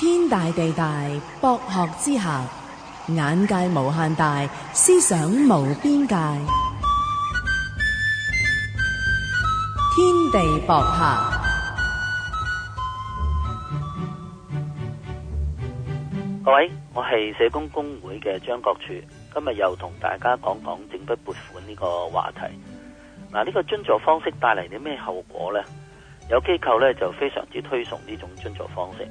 天大地大，博學之下眼界無限大，思想無邊界。天地博客，各位，我係社工工會嘅張國柱，今日又同大家講講整筆撥款呢個話題。嗱，呢個捐助方式帶嚟啲咩後果呢？有機構呢，就非常之推崇呢種捐助方式。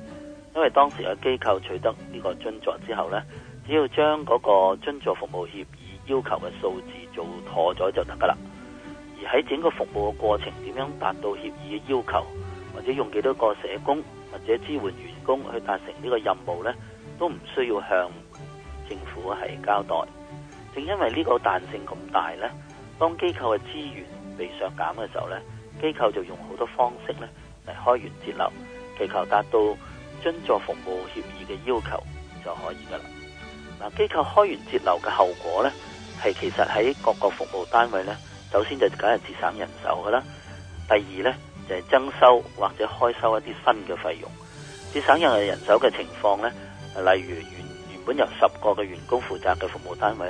因為當時嘅機構取得呢個津助之後呢，只要將嗰個津助服務協議要求嘅數字做妥咗就得㗎喇。而喺整個服務嘅過程，點樣達到協議嘅要求，或者用幾多個社工或者支援員工去達成呢個任務呢，都唔需要向政府係交代。正因為呢個彈性咁大呢，當機構嘅資源被削減嘅時候呢，機構就用好多方式呢嚟開源節流，祈求達到。遵守服務協議嘅要求就可以噶啦。嗱，機構開源節流嘅後果呢，係其實喺各個服務單位呢，首先就梗係節省人手噶啦。第二呢，就係、是、增收或者開收一啲新嘅費用。節省人人手嘅情況呢，例如原原本由十個嘅員工負責嘅服務單位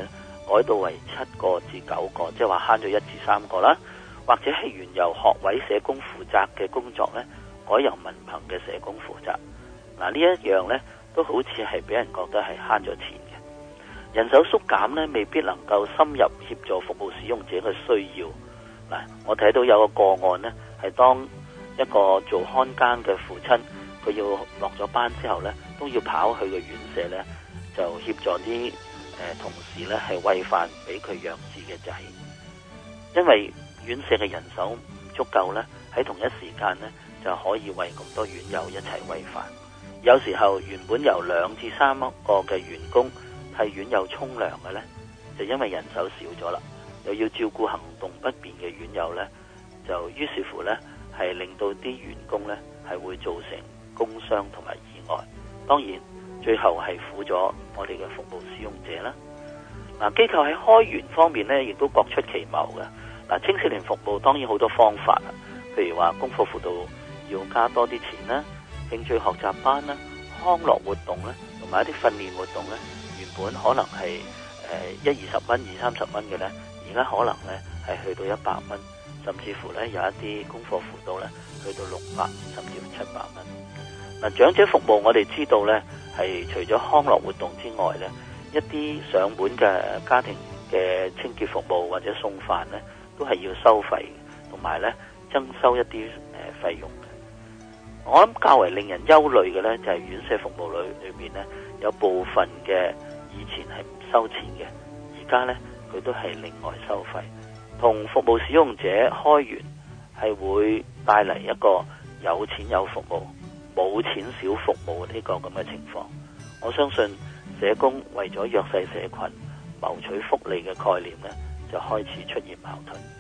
改到為七個至九個，即係話慳咗一至三個啦。或者係原由學位社工負責嘅工作呢，改由文憑嘅社工負責。嗱，呢一樣呢都好似係俾人覺得係慳咗錢嘅。人手縮減呢未必能夠深入協助服務使用者嘅需要。嗱，我睇到有個個案呢係當一個做看更嘅父親，佢要落咗班之後呢都要跑去個院舍呢就協助啲、呃、同事呢係餵飯俾佢養子嘅仔。因為院舍嘅人手唔足夠呢喺同一時間呢就可以為咁多院友一齊餵飯。有時候原本由兩至三個嘅員工係院友沖涼嘅呢，就因為人手少咗啦，又要照顧行動不便嘅院友呢，就於是乎呢，係令到啲員工呢係會造成工傷同埋意外，當然最後係苦咗我哋嘅服務使用者啦。嗱，機構喺開源方面呢，亦都各出其謀嘅。嗱，青少年服務當然好多方法啦，譬如話功課輔導要加多啲錢啦。興趣學習班啦、康樂活動咧，同埋一啲訓練活動咧，原本可能係誒一二十蚊、二三十蚊嘅咧，而家可能咧係去到一百蚊，甚至乎咧有一啲功課輔導咧去到六百甚至乎七百蚊。嗱、啊，長者服務我哋知道咧係除咗康樂活動之外咧，一啲上門嘅家庭嘅清潔服務或者送飯咧，都係要收費，同埋咧徵收一啲誒、呃、費用。我諗較為令人憂慮嘅呢，就係院舍服務裏裏面呢，有部分嘅以前係唔收錢嘅，而家呢，佢都係另外收費，同服務使用者開源係會帶嚟一個有錢有服務、冇錢少服務呢個咁嘅情況。我相信社工為咗弱勢社群謀取福利嘅概念呢，就開始出現矛盾。